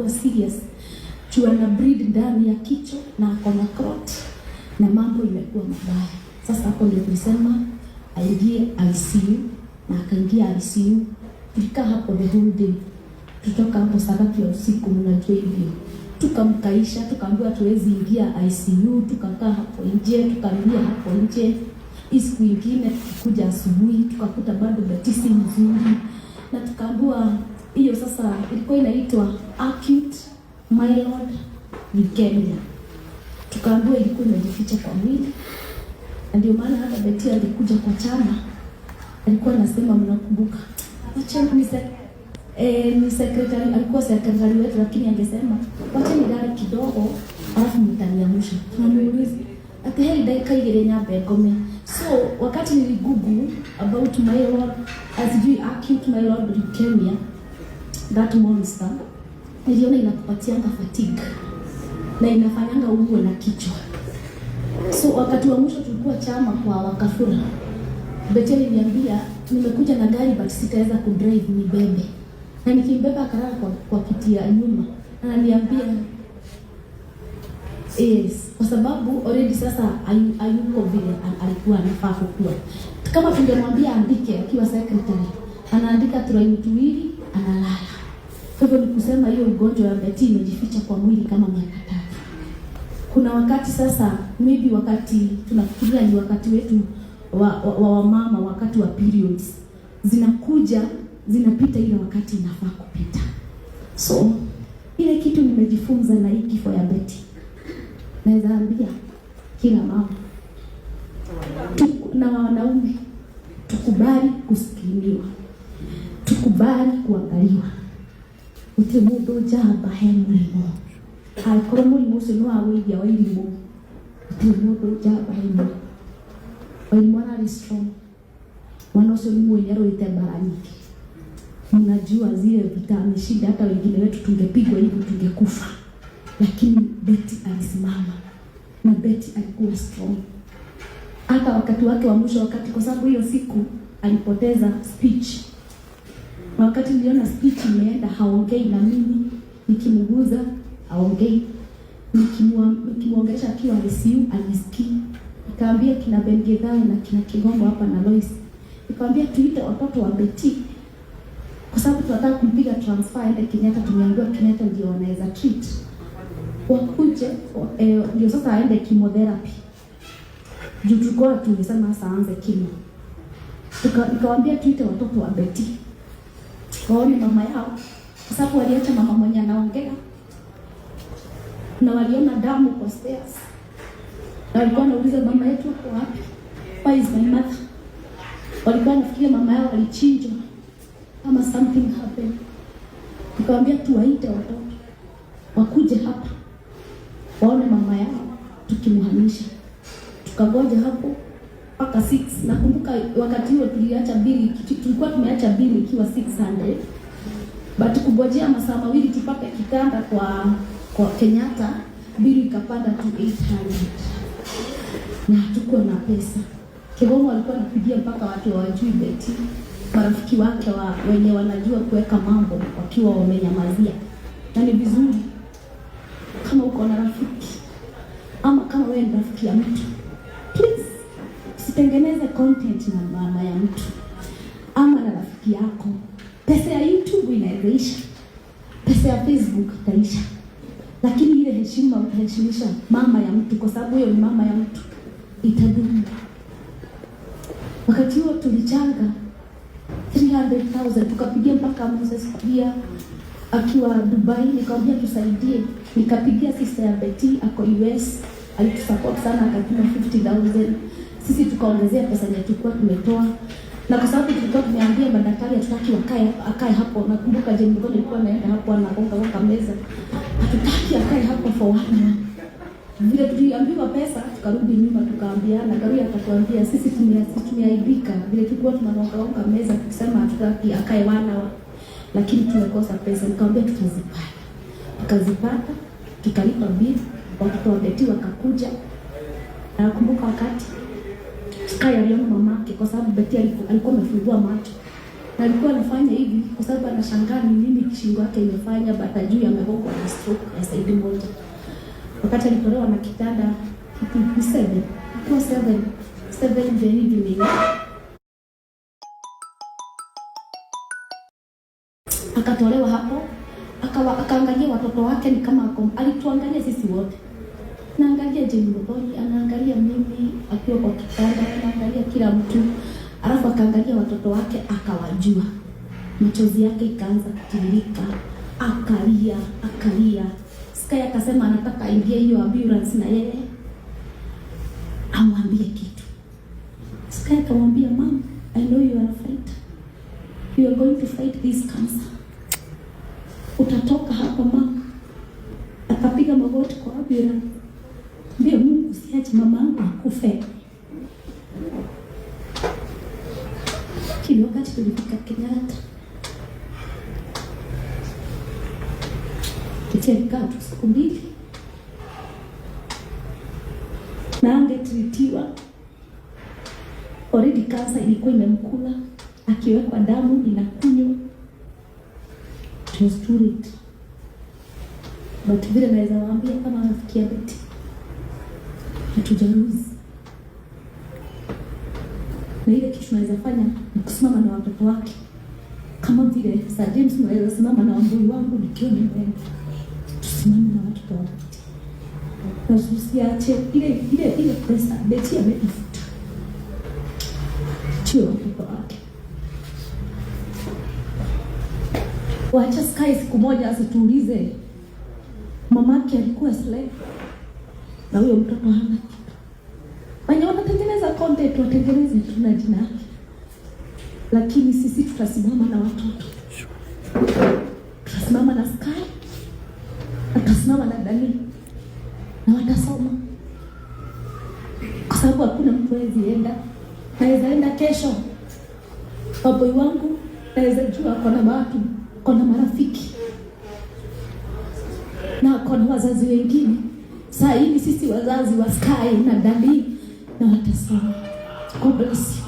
amekuwa serious juu ana breed ndani ya kichwa na ako na crot na mambo imekuwa mabaya. Sasa hapo ndio tulisema aingie ICU na akaingia ICU. Tulikaa hapo the whole day, tutoka hapo saa ya usiku, mnajua hivyo tukamkaisha tukaambiwa tuwezi ingia ICU, tukakaa hapo nje, tukaambia hapo nje. Hii siku ingine tukuja asubuhi, tukakuta bado batisi nzuri, na tukaambiwa hiyo sasa ilikuwa inaitwa acute myeloid leukemia, tukaambiwa ilikuwa inajificha kwa mwili, na ndio maana hata Beti alikuja kwa chama, alikuwa anasema mnakumbuka, wacha ni eh, ni sekretari, alikuwa sekretari wetu, lakini angesema wacha ni nilale kidogo, alafu mtaniamsha. Tunamwuliza ati heri dakika igere nyambe ngome. So wakati niligoogle about myeloid, asijui acute myeloid leukemia that monster niliona inakupatianga fatigue na inafanyanga uwe na kichwa. So wakati wa mwisho tulikuwa chama kwa wakafura, Beteli niambia nimekuja na gari but sitaweza kudrive, bebe na nikimbeba akarara kwa, kwa kiti ya nyuma, ananiambia yes, kwa sababu already sasa ayuko vile alikuwa anafaa kukuwa. Kama tungemwambia andike akiwa secretary, anaandika turaini tuwili, analala kwa hivyo ni kusema hiyo ugonjwa ya beti imejificha kwa mwili kama miaka tatu. Kuna wakati sasa, maybe wakati tunafikiria ni wakati wetu wa, wa, wa wamama, wakati wa periods zinakuja zinapita ile wakati inafaa kupita. So ile kitu nimejifunza na hii kifo ya Beti, naweza ambia kila mama tuku, na wanaume tukubali kusikiliwa, tukubali kuangaliwa gũtirĩ mũndũ njamba he mũrimũ angĩkorwo mũrimũ ũcio nĩ wa wĩiria wa irimũ gũtirĩ mũndũ njamba he mũrimũ mũrimũ ararĩ strong mwana ũcio nĩ mwenye rũĩte mara nyingi mnajua zile vita ameshinda hata wengine wetu tungepigwa hivi tungekufa lakini beti alisimama na beti alikuwa strong hata wakati wake wa mwisho wakati kwa sababu hiyo siku alipoteza speech kwa wakati niliona speech imeenda, haongei na mimi, nikimguza haongei, nikimwongelesha akiwa ICU anisikii. Nikaambia kina Bengedhai na kina Kigongo hapa na Lois, nikamwambia tuite watoto wa Beti kwa sababu tunataka kumpiga transfer aende Kenyatta. Tumeambiwa Kenyatta ndio wanaweza treat wakuje, eh, ndio sasa aende chemotherapy juu tulikuwa tumesema sasa aanze kimo. Nikawaambia tuite watoto wa Beti waone mama yao, kwa sababu waliacha mama mwenye anaongea na waliona damu kwa stairs, na walikuwa wanauliza mama yetu uko wapi? Why is my mother? Walikuwa nafikiria mama yao alichinjwa ama something happened. Nikawambia tuwaite watoto wakuje hapa waone mama yao, tukimhamisha tukagoja hapo mpaka 6 nakumbuka wakati huo tuliacha bili, tulikuwa tumeacha bili ikiwa 600 but kugojea masaa mawili tupate kitanda kwa kwa Kenyatta, bili ikapanda tu 800 na hatukuwa na pesa. Kibomo alikuwa anapigia mpaka watu wajui beti, marafiki wake wa wenye wanajua kuweka mambo wakiwa wamenyamazia, na ni vizuri kama uko na rafiki ama kama wewe ni rafiki ya mtu Tengeneze content na mama ya mtu ama na rafiki yako. Pesa ya YouTube inawezaisha, pesa ya Facebook itaisha, lakini ile heshima utaheshimisha mama ya mtu, kwa sababu hiyo ni mama ya mtu, itadumu. Wakati huo tulichanga 300,000 tukapigia mpaka Moses Kuria akiwa Dubai, nikamwambia tusaidie, nikapigia sister ya Betty ako US, alitusupport sana, akatuma 50,000 sisi tukaongezea pesa ya tukua tumetoa, na kwa sababu tulikuwa tumeambia madaktari hatutaki wakae akae hapo. Nakumbuka je, mgonjwa alikuwa anaenda hapo anagonga kwa meza, hatutaki akae hapo for wana. Vile tuliambiwa pesa, tukarudi nyuma, tukaambiana Gari akatuambia sisi tumeaibika, vile tulikuwa tunagonga gonga meza tukisema hatutaki akae wana, lakini tumekosa pesa. Nikamwambia tutazipata, tukazipata, tukalipa bili, watoto wa Beti wakakuja. Nakumbuka wakati sky aliona mamake, kwa sababu Betty alikuwa amefungua macho na alikuwa anafanya hivi kwa sababu anashangaa ni nini kishingo yake imefanya, bata juu amegongwa na stroke ya side moja. Wakati alitolewa na kitanda kitu ni seven, kwa seven seven in the evening, akatolewa hapo, akawa akaangalia watoto wake, ni kama alituangalia sisi wote, naangalia Jane Muthoni, anaangalia mimi akiwa kwa kitanda, anaangalia kila mtu, alafu akaangalia watoto wake akawajua. Machozi yake ikaanza kutiririka, akalia akalia. Sky akasema anataka aingie hiyo ambulance na yeye amwambie kitu. Sky akamwambia, mom, I know you are fight. you are going to fight this cancer, utatoka hapa mom. Akapiga magoti kwa ambulance, Mbio usiache mama yangu akufe. Kile wakati tulifika Kenyatta Nikaa tu siku mbili na angetritiwa. Already kansa ilikuwa imemkula, akiwekwa damu inakunywa. It was but vile naweza waambia kama nafikia beti hatujaruzi, na ile kitu tunaweza fanya ni kusimama na watoto wake kama vile Sir James, naweza simama na wambui wangu nikiwa nimeenda, tusimame na watoto wake na tusiache ile ile ile pesa beti ameifuta sio watoto wake. Wacha Sky siku moja asituulize mamake alikuwa slave na huyo mtoto hana kitu. Wenye wanatengeneza content watengeneze tu na jina lake, lakini sisi tutasimama na watoto, tutasimama na Sky, tutasimama na Dani na watasoma, kwa sababu hakuna mtu hawezi enda. Naweza enda kesho, waboi wangu naweza jua kona watu kona marafiki na kona wazazi wengine saa hivi sisi wazazi wa Sky na Dadi na watasema God bless